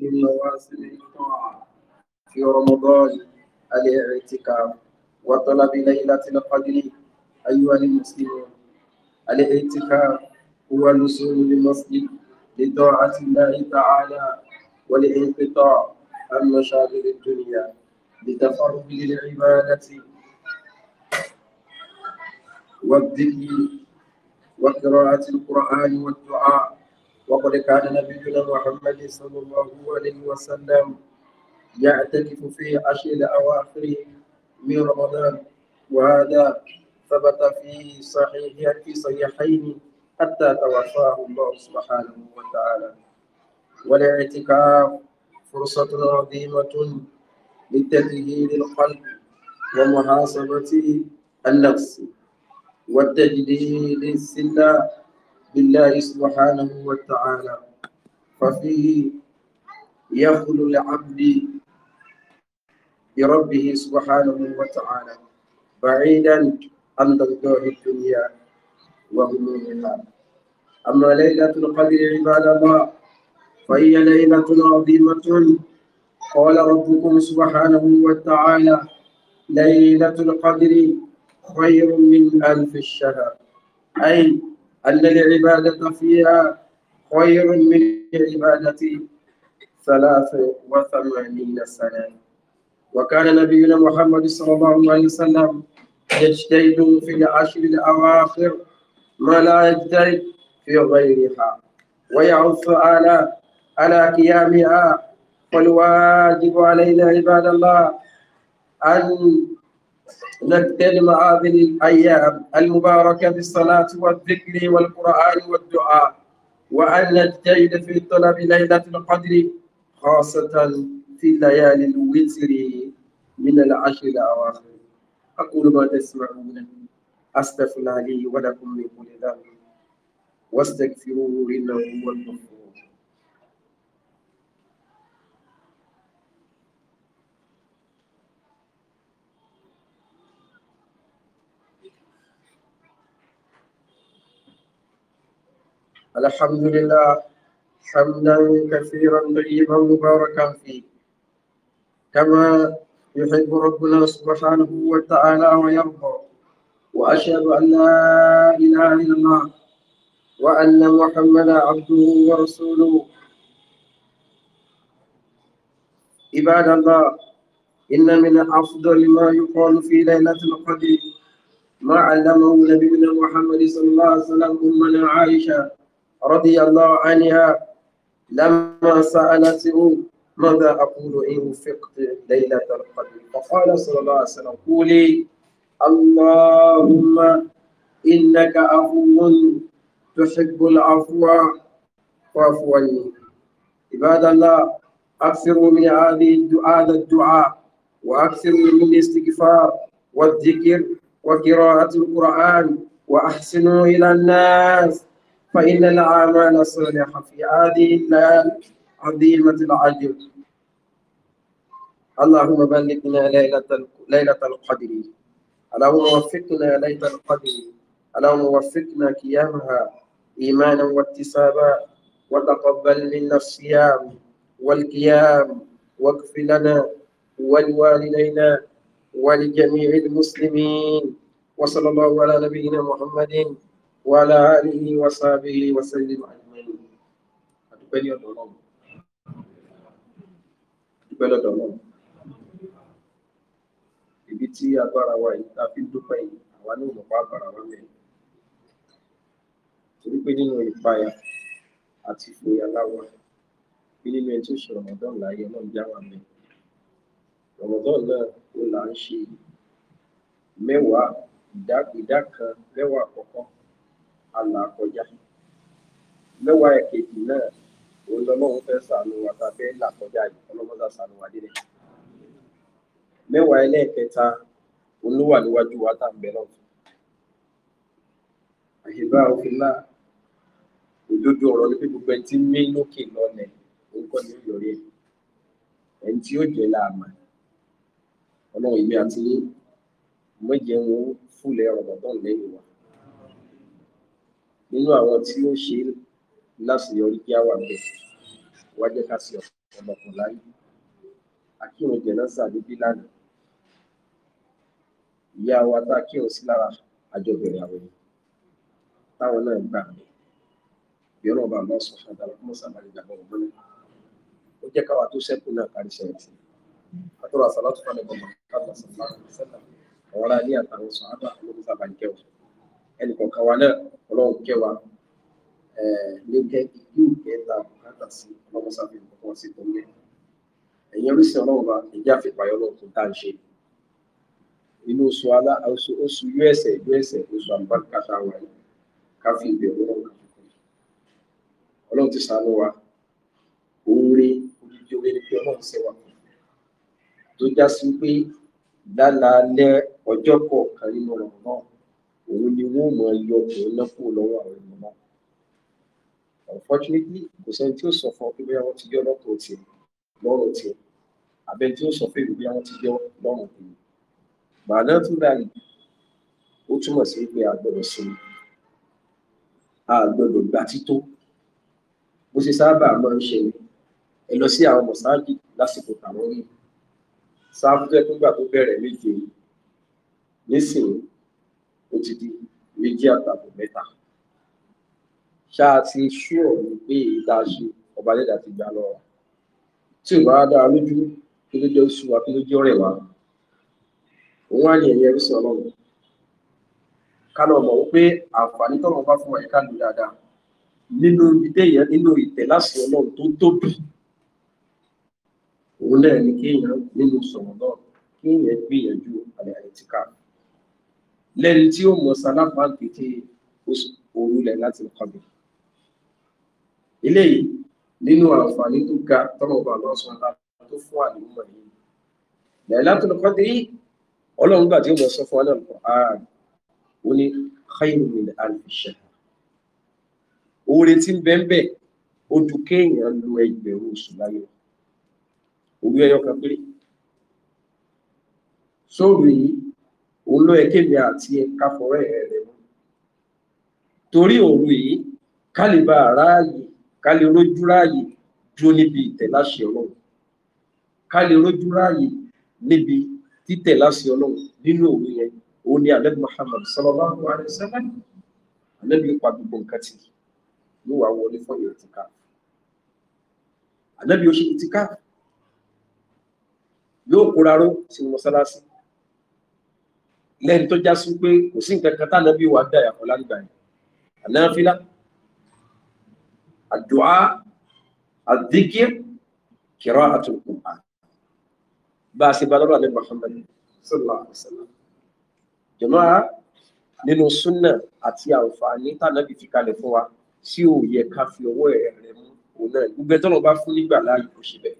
من الطاعة في رمضان الاعتكاف وطلب ليلة القدر أيها المسلمون الاعتكاف هو الوصول للمسجد لطاعة الله تعالى والانقطاع عن مشاغل الدنيا لتفرغ للعبادة والذكر وقراءة القرآن والدعاء وقد كان نبينا محمد صلى الله عليه وسلم يعتكف في عشر الأواخر من رمضان وهذا ثبت في صحيح في صحيحين حتى توفاه الله سبحانه وتعالى والاعتكاف فرصة عظيمة لتطهير القلب ومحاسبة النفس والتجديد السلة بالله سبحانه وتعالى ففيه يخل العبد بربه سبحانه وتعالى بعيدا عن ضوء الدنيا وهمومها أما ليلة القدر عباد الله فهي ليلة عظيمة قال ربكم سبحانه وتعالى ليلة القدر خير من ألف الشهر أي أن العبادة فيها خير من عبادة ثلاث وثمانين سنة وكان نبينا محمد صلى الله عليه وسلم يجتهد في العشر الأواخر ما لا يجتهد في غيرها ويعث على على قيامها والواجب علينا عباد الله أن مع هذه الأيام المباركة بالصلاة والذكر والقرآن والدعاء وأن نجتهد في طلب ليلة القدر خاصة في ليالي الوتر من العشر الأواخر أقول ما تسمعون أستغفر لي ولكم من كل ذنب واستغفروه إنه هو الغفور الحمد لله حمدا كثيرا طيبا مباركا فيه كما يحب ربنا سبحانه وتعالى ويرضى واشهد ان لا اله الا الله وان محمدا عبده ورسوله عباد الله ان من افضل ما يقال في ليله القدر ما علمه نبينا محمد صلى الله عليه وسلم امنا عائشه رضي الله عنها لما سألته ماذا أقول إن وفقت ليلة القدر فقال صلى الله عليه وسلم قولي اللهم إنك عفو تحب العفو فاعف عني عباد الله أكثروا من هذه هذا الدعاء وأكثروا من الاستغفار والذكر وقراءة القرآن وأحسنوا إلى الناس فإن الأعمال الصالحة في هذه النار عظيمة العجب اللهم بلغنا ليلة ليلة القدر اللهم وفقنا ليلة القدر اللهم وفقنا قيامها إيمانا واكتسابا وتقبل منا الصيام والقيام واغفر لنا ولوالدينا ولجميع المسلمين وصلى الله على نبينا محمد wa ala alihi wa sahbihi wa sallim ajma'in àdúpẹ́ ní ọ̀dọ̀ Ọlọ́run àdúpẹ́ lọ́dọ̀ Ọlọ́run ibi tí agbára wa yìí tá a fi ń dúpẹ́ yìí àwa ní òmùpá àbàrà wa mẹ́rin torí pé nínú ìpayà àti ìfòyà láwọn bí nínú ẹni tó ṣe rọmọdán láàyè náà já wà mẹ rọmọdán náà ó là ń ṣe mẹ́wàá ìdá kan mẹ́wàá àkọ́kọ́ alàkọjá mẹ́wàá ẹ̀kejì náà òun lọ́lọ́run fẹ́ sànù wa tá a fẹ́ là kọjá yìí ọlọ́mọdá sànù wa délẹ̀ mẹ́wàá ẹlẹ́ẹ̀kẹta òun ló wà níwájú wa tá a bẹ̀ náà àṣìbá òfin náà òdodo ọ̀rọ̀ ni pé gbogbo ẹni tí ń mí lókè lọ́lẹ̀ orúkọ ni yóò yọrí ẹ̀ ẹni tí yóò jẹ́ láàmà ọlọ́run ìgbé àti méje wọn fúlẹ̀ rọ̀mọ̀tán lẹ́yìn wa nínú àwọn tí ó ṣe láṣeyọrí kí á wà bẹ́ẹ̀ wá ká ṣe ọ̀pọ̀lọpọ̀ láyé akírun jẹ̀nàṣà níbí lánàá ìyá wa tá a kírun sí lára àjọ bẹ̀rẹ̀ àwọn yìí táwọn náà gbà yọ̀rọ̀ bá lọ sọ fún àdàlọ́ kọ́mọ́sà bá lè gbàgbọ́ wọn mọ́lẹ̀ ó jẹ́ káwa tó sẹ́kù náà kárí sẹ́yìn tí àtọ́rọ̀ àṣà látúfà lẹ́gbọ̀n mọ́ káàkiri sọ̀rọ̀ àwọn ará ilé àtàwọn sọ̀rọ̀ àbá ló sábà ń kẹ́wọ̀n ẹnì kọ̀ọ̀kan wa náà ọlọ́run kẹwàá ló jẹ́ ìlú kẹta bùkátà sí ọlọ́run sábẹ́ ìkọ̀kọ̀ sí tó yẹ ẹ̀yin oríṣi ọlọ́run bá ẹ̀jẹ̀ àfipáyọ́ ọlọ́run tó dá ń ṣe inú oṣù alá oṣù usa usa oṣù àlùbáríkà tá a wà yìí ká fi ìbẹ̀rù ọlọ́run kà fún un ọlọ́run ti sàánú wa òun rí olùdíje orí ẹni pé ọlọ́run ṣe wà tó já sí pé lálàálẹ̀ ọjọ́ kọ̀ọ̀kan nínú ọ̀rọ̀ náà òun ni wọ́n máa yọ òun náà kúrò lọ́wọ́ àwọn èèyàn náà unfortunately kò sẹ́ni tí ó sọ fún ọ pé bóyá wọ́n ti yọ lọ́tọ̀ tiẹ̀ lọ́rọ̀ tiẹ̀ abẹ́ tí ó sọ fún ìlú bóyá wọ́n ti yọ lọ́rùn tiẹ̀ bàdán tún dáyìí ó túmọ̀ sí pé a gbọ́dọ̀ sinmi a gbọ́dọ̀ gbà tító bó ṣe sábà máa ń ṣẹlẹ̀ ẹ lọ sí àwọn mọ̀sáàjì lásìkò tàwọn yìí sáà fún ẹ tó gbà tó bẹ̀rẹ̀ méje nísìnyí ó ti di méjì àtàbọ̀ mẹ́ta ṣáà ti ṣúọ̀ ní pé ìta ṣe ọba dẹ́dà ti gbà lọ tí ò bá dára lójú kí ló jẹ́ oṣù wa kí ló jẹ́ ọ̀rẹ́ wa òun á ní ẹ̀yẹ ń sọ ọlọ́run ká lọ mọ̀ wípé àǹfààní tọ́lọ̀ bá fún ẹ̀ka lù dáadáa nínú ìdẹ́yẹ nínú ìtẹ̀láṣẹ ọlọ́run tó tóbi òun náà ni kéèyàn nínú sọ̀rọ̀ náà kéèyàn gbìyànjú àlẹ́ àìtíkà lẹ́ni tí ó mọ̀ sálábà pété òru lẹ̀ láti kọ́bi. eléyìí nínú àǹfààní tó ga tọ́mọba lọ sọ lára tó fún àlùmọ̀ yìí lẹ́yìnlá tó lọ́kọ́ dé ọlọ́run gbà tí ó mọ̀ sọ fún ọlọ́run kọ́ ààrùn ó ní khairu min alfi oore tí ń bẹ ń bẹ ó ju kéèyàn lo ẹgbẹ̀rún oṣù láyé òwe ẹyọ kan péré sóòrù yìí òun ló yẹ kéde àti ẹka fọrọ ẹ rẹ mú torí òru yìí ká lè bá aráàyè ká lè rójú ráàyè dúró níbi ìtẹ̀láṣẹ ọlọ́run ká lè rójú ráàyè níbi títẹ̀láṣẹ ọlọ́run nínú òru yẹn òun ni alẹ́ muhammad sallallahu alayhi wa sallam alẹ́ bí pa gbogbo nǹkan tì yóò wá wọlé fún ìyẹn ti ká alẹ́ bí ó ṣe ti ká yóò kóra ró sí mọ́sálásí lẹ́ni tó já sí pé kò sí nǹkan kan tánà bí wà á dáyà kọ́ lágbà yẹn ànáfílà àdùá àdìkír kìrọ àtúnkù à bá a ṣe bá lọ́rọ̀ àlẹ́ Muhammad sallallahu alaihi wasallam jọ̀mọ́ nínú súnà àti àǹfààní tànàbì fi kalẹ̀ fún wa tí ò yẹ ká fi ọwọ́ ẹ̀ rẹ̀ mú òun náà gbogbo ẹjọ́ náà bá fún nígbà láàyè kò ṣe bẹ́ẹ̀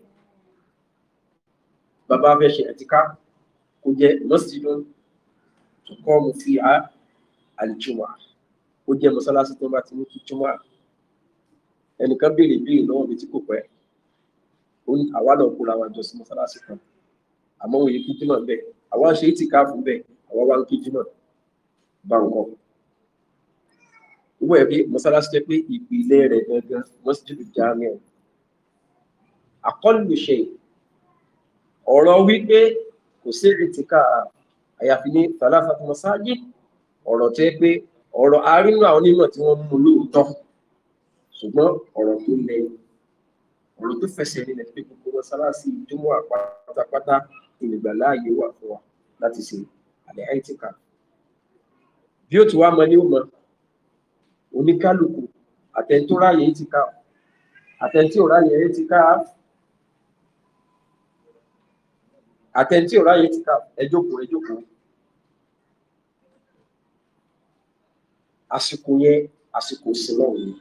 bàbá fẹ́ ṣe ẹ̀tíká kò jẹ́ lọ́sídùn تقام فيها الجمعة ودي مسألة ستما تنوكي الجمعة ẹnì kan béèrè béèrè lọ́wọ́ mi tí kò pẹ́ àwa náà kóra wa jọ sí mọ́sálásí kan àmọ́ òye kí jùmọ̀ bẹ́ẹ̀ àwa ṣe é ti káàfù bẹ́ẹ̀ àwa wá ń kí jùmọ̀ bá ń kọ́ gangan mọ́sídìrì jáàmì ẹ̀ àkọlù wípé kò sí ìtìká àyàfi ní thalathatu masajid ọ̀rọ̀ tẹ́ pé ọ̀rọ̀ arínú àwọn onímọ̀ tí wọ́n mú lóòótọ́ ṣùgbọ́n ọ̀rọ̀ tó lẹ ọ̀rọ̀ tó fẹsẹ̀ nílẹ̀ pé gbogbo mọ́sálásí ìdúmọ̀ pátápátá ìnìgbàláàyè wà fún wa láti ṣe àlẹ́ àìtíkà bí ó ti wá mọ ní ó mọ oníkálukú àtẹ̀ntó ráyè àìtíkà àtẹ̀ntí ò ráyè àìtíkà àtẹ̀ntí ò ráyè àìtíkà ẹ jókòó ẹ jókòó àsìkò yẹn àsìkò sílẹ̀ òní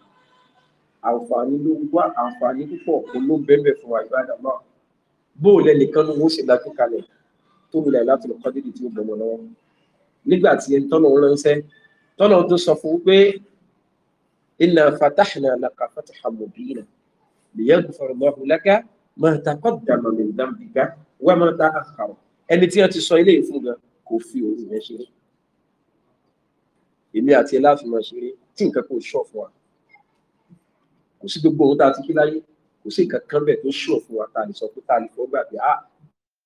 àǹfààní ló wá àǹfààní púpọ̀ ló ń fún wa ìbáradà náà bó lẹ nìkan ló ń ṣe dájú kalẹ̀ tó ń lẹ̀ láti lọ kọ́ dídì tí ó bọ̀ lọ́wọ́ nígbà tí tọ́nà ń ránṣẹ́ tọ́nà tó sọ fún pé inna fatahna laka fathan mubina liyaghfir Allahu laka ma taqaddama min dhanbika wa ma ta'akhkhara ẹni tí wọ́n ti sọ ilé ìfún kò fi òun rẹ̀ ṣeré èmi àti ẹ láti máa ṣeré tí nǹkan kò ṣọ fún wa kò sí gbogbo ohun tá a ti kí láyé kò sí nǹkan kan bẹ́ẹ̀ tó ṣọ fún wa tá a lè sọ pé tá a lè fọ gbà pé ah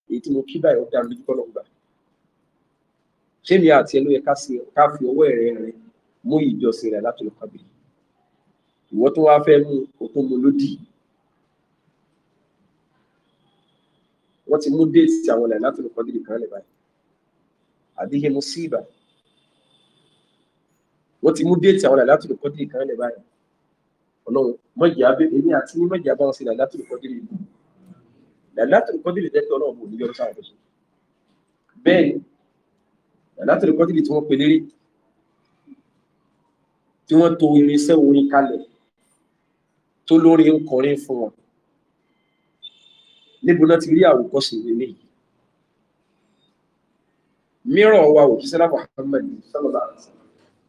èyí tí mo kí báyìí ó dá mi lọ́gbà ṣé mi àti ẹ yẹ ká fi ọwọ́ ẹ̀rẹ́ rẹ mú ìjọsìn rẹ láti lọ kábì ìwọ tó wáá fẹ́ mú o tó mu lódì wọ́n ti mú déètì àwọn ẹ̀ láti lọ kọ́ kan lè báyìí àdéhìmú sí ìbàdàn wọ́n ti mú déètì àwọn làlátù lè kọ́dìrì kan lẹ̀ báyìí ọlọ́run mọ̀jẹ̀ abẹ́ èmi àti ní mọ̀jẹ̀ abẹ́ wọn sí làlátù lè kọ́dìrì ìlú làlátù lè kọ́dìrì jẹ́ pé ọlọ́run kò ní yọrọ sáà lọ́sùn bẹ́ẹ̀ ni làlátù lè kọ́dìrì tí wọ́n pe lérè tí wọ́n to irinṣẹ́ orin kalẹ̀ tó lórí ń kọrin fún wọn níbo náà ti rí àwòkọ́ṣe ìwé léyìí mìíràn wa òjíṣẹ́ lápá Muhammad sallallahu alaihi wasallam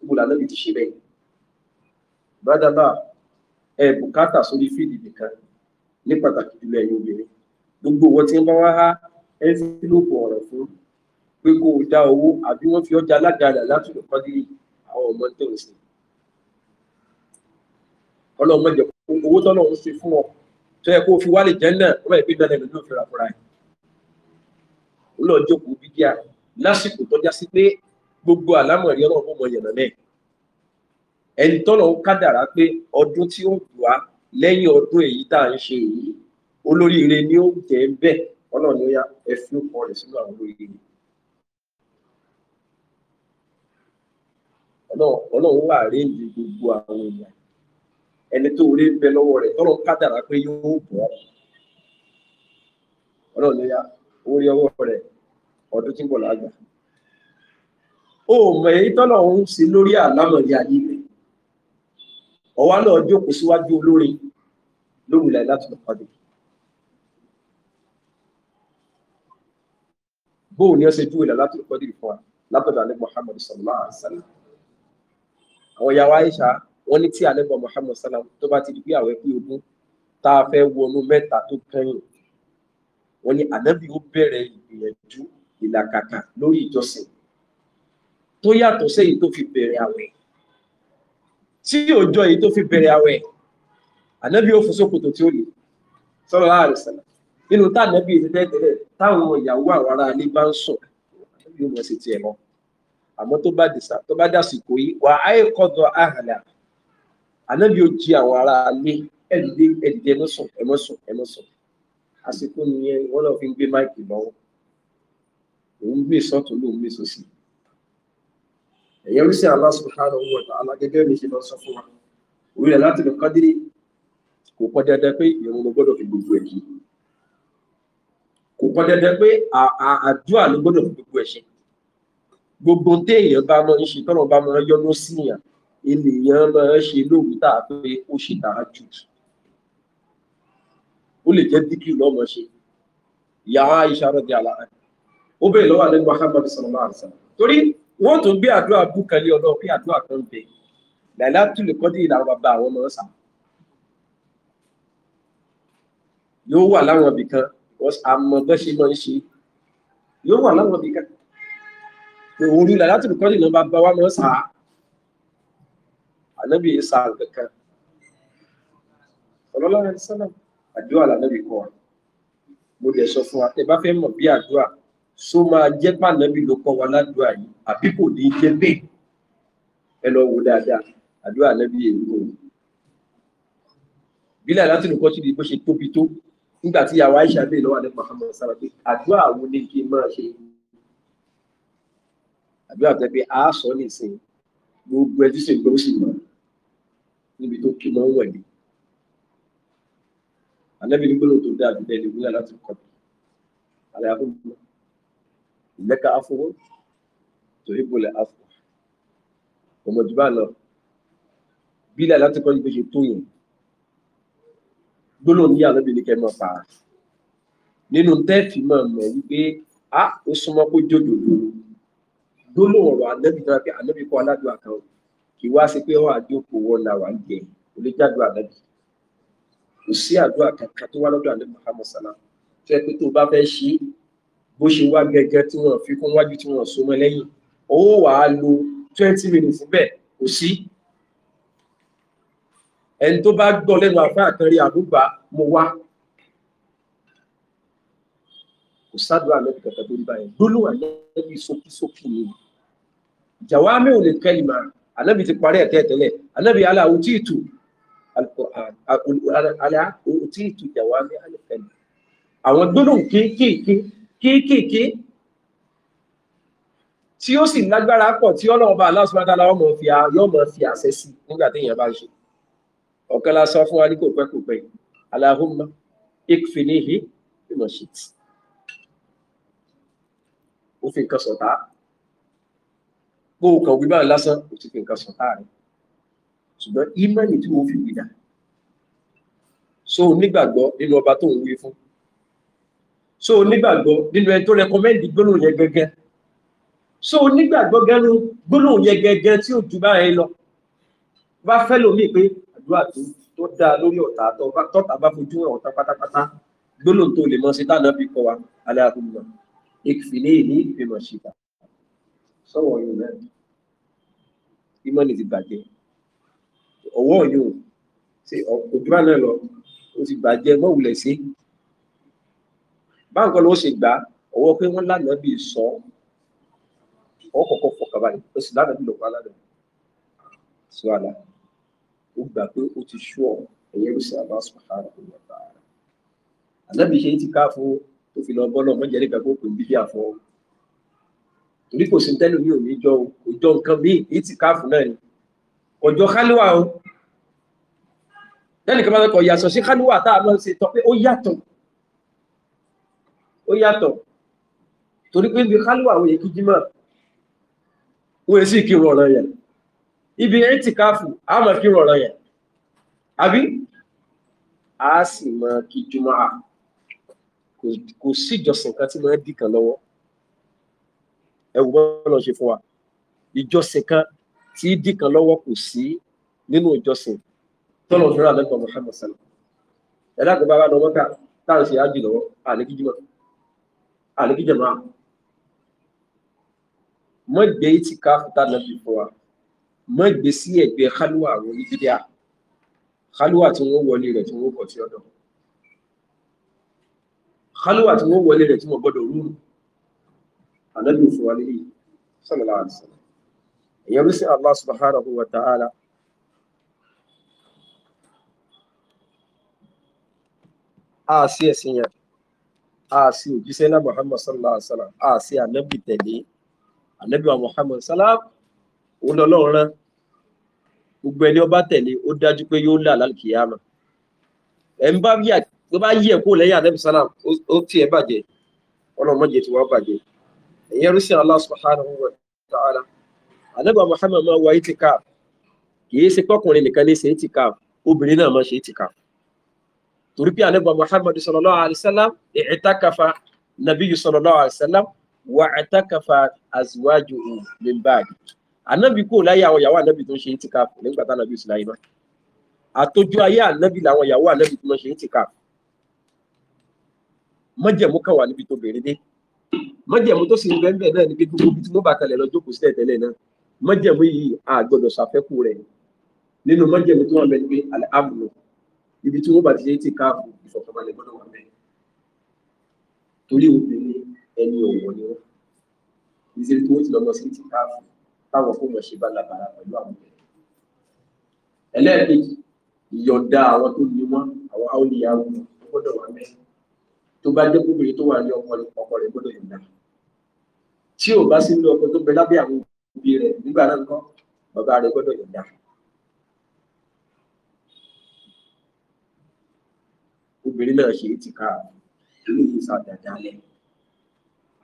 gbogbo lànàbì ti ṣe bẹ́ẹ̀ brádàlá ẹ bùkátà sórí fíìdì nìkan ní pàtàkì jùlọ ẹ̀yin obìnrin gbogbo wọn tí ń bá wá há ẹnfílópù ọ̀rọ̀ fún pé kó o dá owó àbí wọ́n fi ọjà alágàdà látùnú kọ́dí àwọn ọmọ tó ń sìn ọlọ́run mọ̀jẹ̀ owó tọ́lọ̀ ń ṣe fún ọ tó yẹ kó o fi wálé jẹ́ náà wọ́n bẹ̀rẹ̀ pé dandan ló fẹ́ra fúnra ẹ̀ ó lọ jókòó bídíà lásìkò tọ́já sí pé gbogbo àlámọ̀rí ọlọ́run mọ̀ yànnà mẹ́ẹ̀ ẹni tọ́lọ̀ ń kádàrá pé ọdún tí ó ń wá lẹ́yìn ọdún èyí tá à ń ṣe yìí olóríire ni ó jẹ́ bẹ́ẹ̀ ọlọ́run ló yá ẹ fi ó kọ rẹ̀ sínú àwọn olóríire ọlọ́run wà rí ìlú gbogbo àwọn èèyàn ẹni tó rí bẹ lọ́wọ́ rẹ̀ tọ́lọ̀ ń kádàrá pé yóò bọ̀ ọlọ́run ló yá orí ọwọ́ rẹ̀ ọdún tí ń bọ̀ lágbàá ó mọ èyí tọ́lọ̀ ń ṣe lórí àlámọ̀dé ayé rẹ̀ ọ̀wá náà jókòó síwájú olórin lórí ilẹ̀ láti lọ́pàá dé. bóò ni ó ṣe júwe láti lọ́pàá dé fún wa látọ̀dọ̀ alẹ́ Muhammad sallallahu alaihi wasallam àwọn ìyàwó Aisha wọn ní tí alẹ́ bọ̀ Muhammad sallam tó bá ti di pé àwẹ̀ pé ogún tá a fẹ́ wọnú mẹ́ta tó kẹ́yìn wọn ní ànábì ó bẹ̀rẹ̀ ìgbìyànjú ìlàkàkà lórí ìjọsìn tó yàtọ̀ sí èyí tó fi bẹ̀rẹ̀ àwẹ̀ tí òjò èyí tó fi bẹ̀rẹ̀ àwẹ̀ ànábì ó fún sókòtò tí ó lè sọ̀rọ̀ láàrin sàlà nínú tá ànábì èyí tẹ́tẹ́tẹ́ táwọn ìyàwó àwọn ará ilé bá ń sọ ànábì ó mọ̀ sí tiẹ̀ lọ àmọ́ tó bá dìsà tó bá dàsìkò yìí wà á kọ́dọ̀ àhàlà ànábì ó jí àwọn ará ilé ẹ̀dìdé ẹ̀dìdé ẹmọ́sùn ẹmọ́sùn ẹmọ́sùn àsìkò nìyẹn wọ́n lọ fi ń gbé máìkì lọ́wọ́ òun gbé sọ́tún lòun gbé sósì ẹ̀yẹ́ orí Allah subhanahu wa ta'ala gẹ́gẹ́ mi ṣe lọ sọ fún wa orí rẹ̀ láti lè kọ́dírí kò pọ́ dandan pé ìrun ló gbọ́dọ̀ fi gbogbo ẹ̀ kí kò pọ́ dandan pé àdúrà ló gbọ́dọ̀ fi gbogbo ẹ̀ ṣe gbogbo téèyàn bá máa ń ṣe tọ́nà bá máa ń yọnu síyàn ènìyàn máa ń ṣe lóòwú tá a pé ó ṣe tààjù ó lè jẹ́ díkì lọ́mọ ṣe ìyá Aisha radi Allah ó bẹ̀rẹ̀ lọ́wọ́ àdéhùn Muhammad sallallahu alaihi wasallam torí wọ́n tún gbé àdúrà bú kan lé ọlọ́run pé àdúrà kan bẹ̀ làlá tún lè kọ́ dé ìlànà bàbá àwọn ọmọ sà yóò wà láwọn ibì kan àmọ́ bẹ́ẹ̀ ṣe máa ń ṣe yóò wà láwọn ibì kan òru làlá tún lè kọ́ dé ìlànà bàbá wa máa sà ànábì yìí sà kankan ọlọ́lọ́run sọ́nà àdúrà làlá bì kọ́ mo lè sọ fún wa tẹ bá fẹ́ mọ̀ bí àdúrà só máa jẹ́ pànàbí ló kọ́ wa ládùúgbà yìí àbí kò ní í jẹ́ bẹ́ẹ̀ ẹ lọ wo dáadáa àdúrà ànábì èyí kò ní. bílẹ̀ láti nìkan ti di bó ṣe tóbi tó nígbà tí àwa Aisha bẹ́ẹ̀ lọ́wọ́ àdé Muhammad sára pé àdúrà wo ni kí n máa ṣe àdúrà tẹ pé a sọ nìsín gbogbo ẹ tí sì gbọ́ sì mọ̀ níbi tó kí mọ́ ń wẹ̀lẹ̀ ànábì nígbà tó dáa jù lẹ́nu bílẹ̀ láti kọ́ àlẹ́ àbúrò ìlẹ́ka afúró tòhíbólẹ̀ afọ ọmọ jù bá lọ bílẹ̀ láti kọ́ ibi ṣe tó yẹn gbólóhùn ní àlọ́ bìnrin kẹ́mọ́ pa nínú tẹ́ẹ̀fì máa mọ̀ wípé a ó súnmọ́ kó jòjòló gbólóhùn ọ̀rọ̀ ànábì náà pé ànábì kọ́ aládùn àkàn kì wá sí pé wọ́n àjókòó wọn là wà ń jẹ kò lè jáde ànábì kò sí àdúrà kankan tó wá lọ́dọ̀ ànábì Muhammad salam tó yẹ pé tó bá fẹ́ ṣe é bó ṣe wá gẹ́gẹ́ tí wọ́n fi kún wájú tí wọ́n so mọ́ lẹ́yìn ó wà á lo twenty minutes bẹ́ẹ̀ kò sí. ẹni tó bá gbọ́ lẹ́nu àfẹ́ àtẹ̀rí àdúgbà mo wá kò sádùá lẹ́nu kẹ̀kẹ́ tó ń bá yẹn gbólóhùn àlẹ́bí sókísókí ni jàwámi ò lè kẹ́lì mà àlẹ́bí ti parí ẹ̀ tẹ́tẹ́lẹ̀ àlẹ́bí alá òtí ìtù alá òtí ìtù jàwámi àlẹ́kẹ́lì àwọn gbólóhùn kéékèèké kéékèèké tí ó sì lágbára pọ̀ tí ọlọ́run bá aláṣọ àtàlà ọmọ fi yóò mọ̀ fi àṣẹ sí nígbà téèyàn bá ṣe ọ̀kan la sọ fún wa ní kò pẹ́ kò pẹ́ Allahumma ikfinihi bima shi'ta ó fi nǹkan sọ̀tá bó o kàn wí báyìí lásán ó ti fi nǹkan sọ̀tá rẹ̀ ṣùgbọ́n ímánì tí wọ́n fi wí dà so nígbàgbọ́ nínú ọba tó ń wí fún so onígbàgbọ́ nínú ẹni tó rẹkọmẹ́ndì gbólóhùn yẹn gẹ́gẹ́ so onígbàgbọ́ gẹ́nu gbólóhùn yẹn gẹ́gẹ́ tí ò ju báyẹn lọ bá fẹ́ lómi pé àdúrà tó tó dáa lórí ọ̀tá tọ́ta bá fojú hàn ọ̀tá pátápátá gbólóhùn tó lè mọ sí táná bí kọ wa alẹ́ àkùnmọ̀ ìfìlẹ̀ èyí ìgbìmọ̀ ṣìkà sọ̀wọ́ yìí náà ìmọ̀ ni ti bàjẹ́ ọwọ́ yìí ò ṣe òdúrà náà lọ ó ti bàjẹ́ mọ́wulẹ̀ sí báwọn kan ló ṣe gbà ọwọ́ pé wọ́n lánàá bí sọ ọ kọ̀ọ̀kan fọkàn báyìí ó sì lánàá bí lọ́kọ̀ alánàá sí wàhálà ó gbà pé ó ti ṣú ọ ẹ̀yẹ́ ló ṣe àbá sùpàkárà tó lọ bá ara ànábì ṣe ti káfó tó fi lọ bọ́lọ̀ mọ́jẹ́ nígbà kó pè bíbí àfọ torí kò sí tẹ́lẹ̀ mi ò ní jọ kò jọ nǹkan míì èyí ti káfó náà ni kò jọ kálíwà o lẹ́nu kan máa ń kọ ìyàsọ̀ sí kálíwà tá a máa ń ṣe tọ́ pé ó yàtọ̀ ó yàtọ̀ torí pé ibi kálùwà àwọn èyí kíjímà wọ́n èsì kírun ọ̀ràn yẹn ibi ẹ̀ńtìkáfù a máa kírun ọ̀ràn yẹn àbí a sì máa kí jùmọ̀ à kò sí ìjọsìn kan tí máa dì kan lọ́wọ́ ẹ̀wù bọ́ọ̀ lọ ṣe fún wa ìjọsìn kan tí dì lọ́wọ́ kò sí nínú ìjọsìn tọ́lọ̀ fúnra lẹ́kọ̀ọ́ Muhammad sallam ẹ̀dá kò bá wa lọ mọ́ká táà ń ṣe ájì lọ́wọ́ àlékíjímọ̀ àníkíjàmá mọ́ gbé tí káfíńtà náà fi fún wa mọ́ gbé sí ẹ̀gbẹ́ kálúwà àwọn oníbídíà kálúwà tí wọ́n wọlé rẹ̀ tí wọ́n kọ̀ sí ọ̀dọ̀ kálúwà tí wọ́n wọlé rẹ̀ tí wọ́n gbọ́dọ̀ rúrù ànábì fún wa nílé sallallahu alaihi wasallam èyàn ló sí Allah subhanahu wa ta'ala a sí ẹ̀sìn yẹn a sì òjíṣẹ́ náà muhammad sallallahu alaihi wa sallam a ah, sì ànábì tẹ̀lé ànábì wa muhammad sallam òun lọ́lọ́run rán gbogbo ẹni ọba tẹ̀lé ó dájú pé yóò là lálùkìyàmà ẹ̀ ń bá yà tó bá yẹ kó lẹ́yìn ànábì sallam ó tí rúṣì allah subhanahu wa ta'ala wa muhammad kì í nìkan ní obìnrin náà torí pé ànábì muhammadu sallallahu alayhi wa sallam ìtàkàfà nabiyyu sallallahu alayhi wa sallam wà ìtàkàfà azwaju min ba'di ànábì kò láyé àwọn ìyàwó ànábì tó ń ṣe ìtìkàf nígbà tá ànábì sì láyé náà àtọjú ayé ànábì làwọn ìyàwó ànábì tó ń ṣe ìtìkàf májẹ̀mú kan wà níbi tó bẹ̀rẹ̀ dé májẹ̀mú tó sì ń bẹ ńbẹ̀ náà ní pé gbogbo ibi tí mo bá kalẹ̀ lọ jókòó sílẹ̀ tẹ́lẹ̀ náà májẹ̀mú yìí a gbọ́dọ̀ ṣàfẹ́kù rẹ̀ nínú májẹ̀mú tó wà bẹ́ẹ̀ ni pé àmùnú ibi tí wọ́n bá ti ṣe ti káàbù ìfọ̀kànbalẹ̀ gbọ́dọ̀ wà bẹ́ẹ̀ torí obìnrin ẹni ọ̀wọ̀ ni wọ́n ìṣèlú tí wọ́n ti lọ́mọ sí ti káàbù táwọn fóònù ṣe bálabàlà pẹ̀lú àwọn ẹ̀rọ ẹlẹ́ẹ̀kejì ìyọ̀ǹda àwọn tó ní wọn àwọn áwòlíyàwó gbọ́dọ̀ wà bẹ́ẹ̀ tó bá jẹ́ kóbìnrin tó wà ní ọkọ rẹ̀ ọkọ rẹ̀ gbọ́dọ̀ yọ̀ǹda tí ò bá sí ọkọ tó bẹ lábẹ́ àwọn òbí rẹ̀ nígbà náà nǹkan bàbá rẹ̀ gbọ́dọ̀ yọ̀ǹda obìnrin náà ṣe é ti ká eléyìí ṣàdàdà lẹ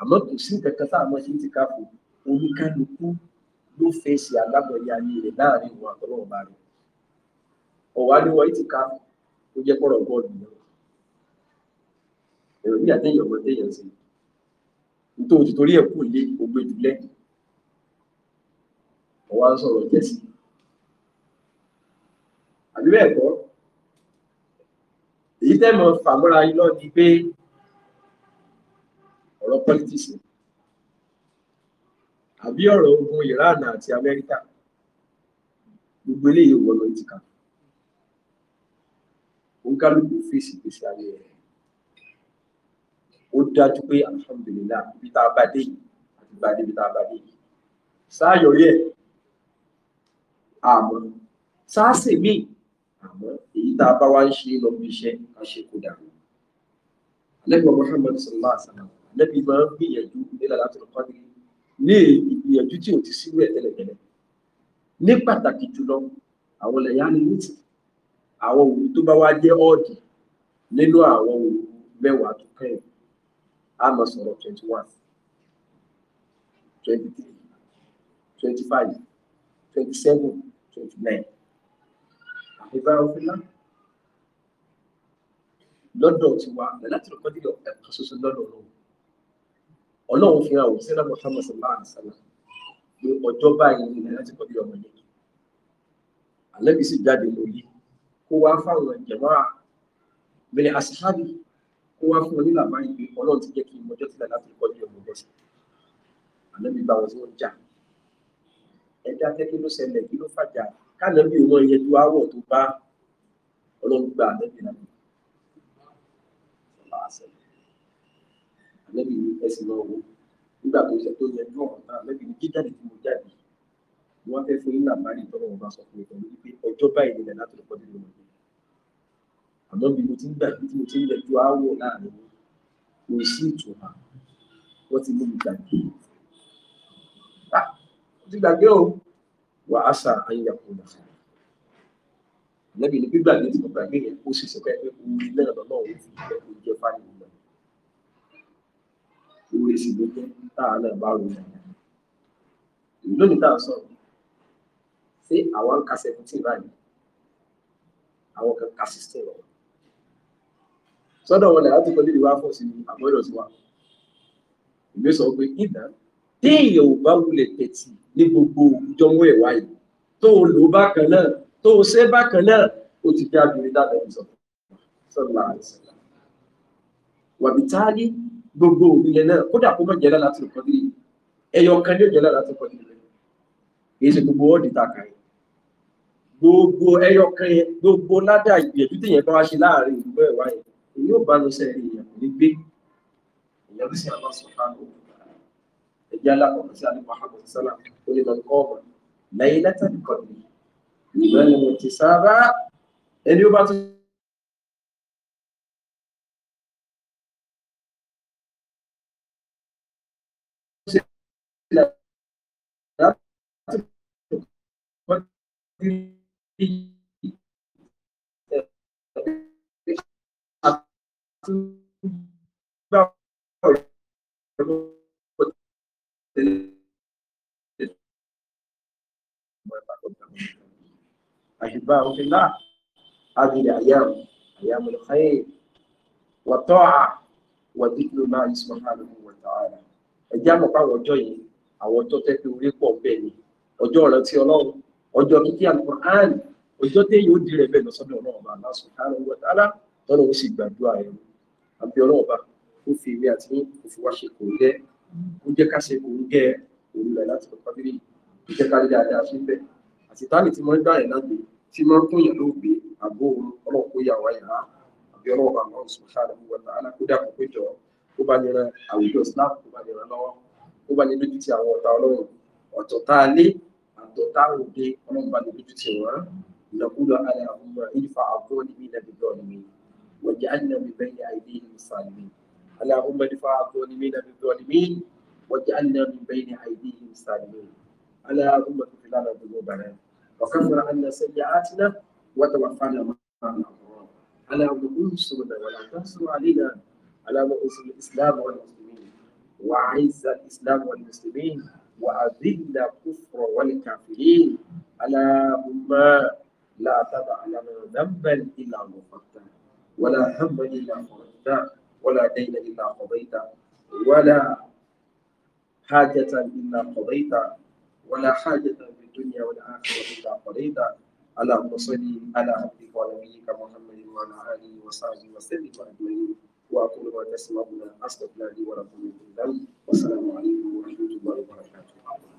àmọ́ kò sí nǹkan kan táwọn ṣe é ti ká fún oníkálukú ló fèsì alábọyé ayé rẹ láàrin òun àtọlọ́run bá rẹ ọwọ́ àlewọ yìí ti ká ó jẹ kọrọ bọ́ọ̀lù náà èrò ní àtẹyìn ọmọ téèyàn sí nítorí torí ẹ kù lé gbogbo ìdílé ọwọ́ à ń sọ̀rọ̀ jẹsí àbí bẹ́ẹ̀ kọ́ èyí tẹ́ mọ̀ fàmúra yín lọ ni pé ọ̀rọ̀ politics àbí ọ̀rọ̀ ogun Iran àti Amẹ́ríkà gbogbo eléyìí wọ̀ lọ ìtìkà oníkálukú fèsì gbèsè ayé rẹ̀ ó dájú pé alhamdulilah ibi tá a bá dé yìí àti bá débi tá a bá dé yìí sáyọrí ẹ̀ àmọ́ sáàsì míì àmọ́ èyí tá a bá wá ń ṣe lọ bí iṣẹ́ ká ṣe kó dà alẹ́bí Muhammad sallallahu alaihi wa sallam alẹ́bí máa ń gbìyànjú nílẹ̀ láti lọ kọ́ni ní ìgbìyànjú tí ò ti sí rẹ̀ tẹ́lẹ̀tẹ́lẹ̀ ní pàtàkì jùlọ àwọn lẹ̀yà ni mítì àwọn òwú tó bá wá jẹ́ ọ́ọ̀dì nínú àwọn òwú mẹ́wàá tó kẹ́yìn a máa twenty one twenty three twenty five twenty seven twenty nine àbíbá òfin náà lọ́dọ̀ tiwa láti lọ́kọ́ dé ẹ̀ka ṣoṣo lọ́dọ̀ ọlọ́run ọlọ́run fi hàn òṣìṣẹ́ náà Muhammad sallallahu alaihi wasallam pé ọjọ́ báyìí ni láti kọ́ dé ọmọ yẹn àlẹ́bí sì jáde lórí kó wá fáwọn ìjẹ̀mọ́ àbẹ̀lẹ̀ àṣìṣàbí kó wá fún onílà báyìí pé ọlọ́run ti jẹ́ kí n mọjọ́ tilẹ̀ láti kọ́ dé ọmọ yẹn sí àlẹ́bí bá wọn tí wọ́n jà ẹ̀dá kẹ́kẹ́ ló ṣẹlẹ̀ kí ló fàjà kálẹ̀ bí òun àṣẹ àlẹ́bí ni ẹ̀sìn lọ wo nígbà tó ṣe tó yẹ náà náà àlẹ́bí ni jíjáde tí mo jáde wọ́n fẹ́ fún yín làbárí tọ́lọ́ wọn bá sọ fún mi pẹ̀lú wípé ọjọ́ báyìí nílẹ̀ láti lọ́kọ́ nínú wọn àmọ́ bí mo ti ń gbàgbé tí mo ti ń yẹjú áwọ̀ láàrin kò sí ìtura wọ́n ti mú mi gbàgbé ah ti gbàgbé o wàásà ayé àpò nàfẹ́ lẹ́bi ní gbígbàgbé tí mo gbàgbé yẹn ó sì ṣe pé pé orí náà lọ́nà òun fi jẹ́ kó jẹ́ fáyọ̀ lọ. Orí sì ló jẹ́ táà náà bá rò yẹn. Èmi lónìí táà sọ, ṣé àwọn ń ka seventeen báyìí? Àwọn kan ka sixteen lọ. Sọ́dọ̀ wọn làwọn ti kọ́ lílì wá fún sí àbọ̀ ìrọ̀sí wa. Èmi sọ pé ìdá téèyàn ò bá wulẹ̀ tẹ̀tì ní gbogbo ìjọmọ́ ẹ̀wá yìí tó lò bákan náà tó o ṣe bákan náà ó ti dá ju ìdájọ́ ìsọ̀ sọ́dọ̀ àìsàn wàbí táàgì gbogbo òmìnira náà kódà kó mọ̀ jẹ́lá láti nǹkan bí ẹyọ kan ní òjẹ́lá láti nǹkan bí rẹ̀ kì í ṣe gbogbo ọ́ọ̀dì tá a kà yẹn gbogbo ẹyọ kan yẹn gbogbo ládà ìgbìyànjú tèèyàn bá wá ṣe láàrin ìlú bẹ́ẹ̀ wáyé èyí bẹ́ẹ̀ni mo ti sábà ẹni ó bá tún. Thank you. أحباء في الله هذه الأيام أيام الخير والطاعة وذكر الله سبحانه وتعالى ẹjá mọ̀ fáwọn ọjọ́ yìí àwọn tó tẹ́ pé orí pọ̀ bẹ́ẹ̀ ni ọjọ́ ọ̀rọ̀ tí ọlọ́run ọjọ́ kíkí alukur'an ọjọ́ tẹ́ yóò di rẹ̀ bẹ́ẹ̀ lọ́sọ́dọ̀ ọlọ́run bá aláṣọ káàrọ̀ wọ tálá tọ́lọ́ ó sì gbàdúrà rẹ̀ àbí ọlọ́run bá ó fi ìwé àti kò fi wá ṣe kò ń gẹ́ ó jẹ́ ká ṣe kò ń gẹ́ òun rẹ̀ láti lọ́kọ́ bírí ìjẹ́ká dáadáa fi bẹ́ẹ̀ àṣetánì tí wọ́n gbà yẹn lágbe tí máa ń kún yẹn lóògbé àbó ọlọ́run kó yà wá yà á àbí ọlọ́run bá máa ń sùn ṣáà lọ́wọ́ wọ́n tààlà kó dàpọ̀ pé jọ kó bá lè ran àwùjọ Islam kó bá lè ran lọ́wọ́ kó bá lè lójú ti àwọn ọ̀tá ọlọ́run ọ̀tọ̀ tá a lé àtọ̀ tá a òde ọlọ́run bá lè lójú ti wọ́n ìlọ́kúlọ̀ alẹ́ àwọn ọmọ ìdífà àbúrò ní ilẹ̀ bíbí ọ̀nà mi wọ́n jẹ́ àyìnbó mi bẹ́ẹ̀ ní àìdí ìlú sàlẹ̀ اللهم ادفع الظالمين بالظالمين واجعلنا من بين ايديهم سالمين اللهم اغفر لنا ذنوبنا وكفر عنا سيئاتنا وتوفانا مع الأبرار اللهم انصرنا ولا تنصر علينا على انصر الإسلام والمسلمين وأعز الإسلام والمسلمين وأذل الكفر والكافرين أمة لا تضع لنا ذنبا إلا غفرته ولا هم إلا فرجته ولا دين إلا قضيته ولا حاجة إلا قضيته ولا حاجة الدنيا والاخره الا قليلا اللهم صل على عبدك ونبيك محمد وعلى اله وصحبه وسلم اجمعين واقول ما تسمعون اصدق لي ولكم من ذنب والسلام عليكم ورحمه الله وبركاته